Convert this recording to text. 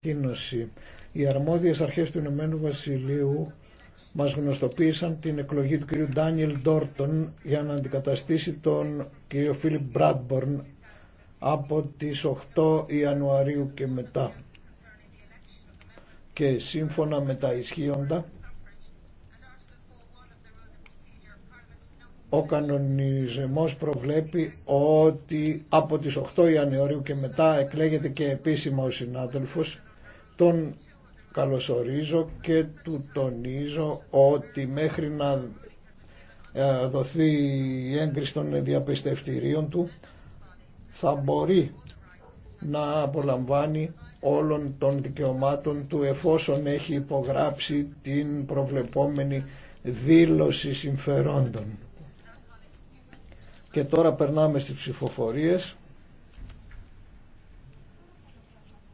Η Οι αρμόδιες αρχές του Ηνωμένου Βασιλείου μας γνωστοποίησαν την εκλογή του κ. Ντάνιελ Ντόρτον για να αντικαταστήσει τον κ. Φίλιπ Μπράντμπορν από τις 8 Ιανουαρίου και μετά. Και σύμφωνα με τα ισχύοντα, ο κανονισμός προβλέπει ότι από τις 8 Ιανουαρίου και μετά εκλέγεται και επίσημα ο συνάδελφος τον καλωσορίζω και του τονίζω ότι μέχρι να ε, δοθεί η έγκριση των διαπιστευτηρίων του θα μπορεί να απολαμβάνει όλων των δικαιωμάτων του εφόσον έχει υπογράψει την προβλεπόμενη δήλωση συμφερόντων. Και τώρα περνάμε στις ψηφοφορίες.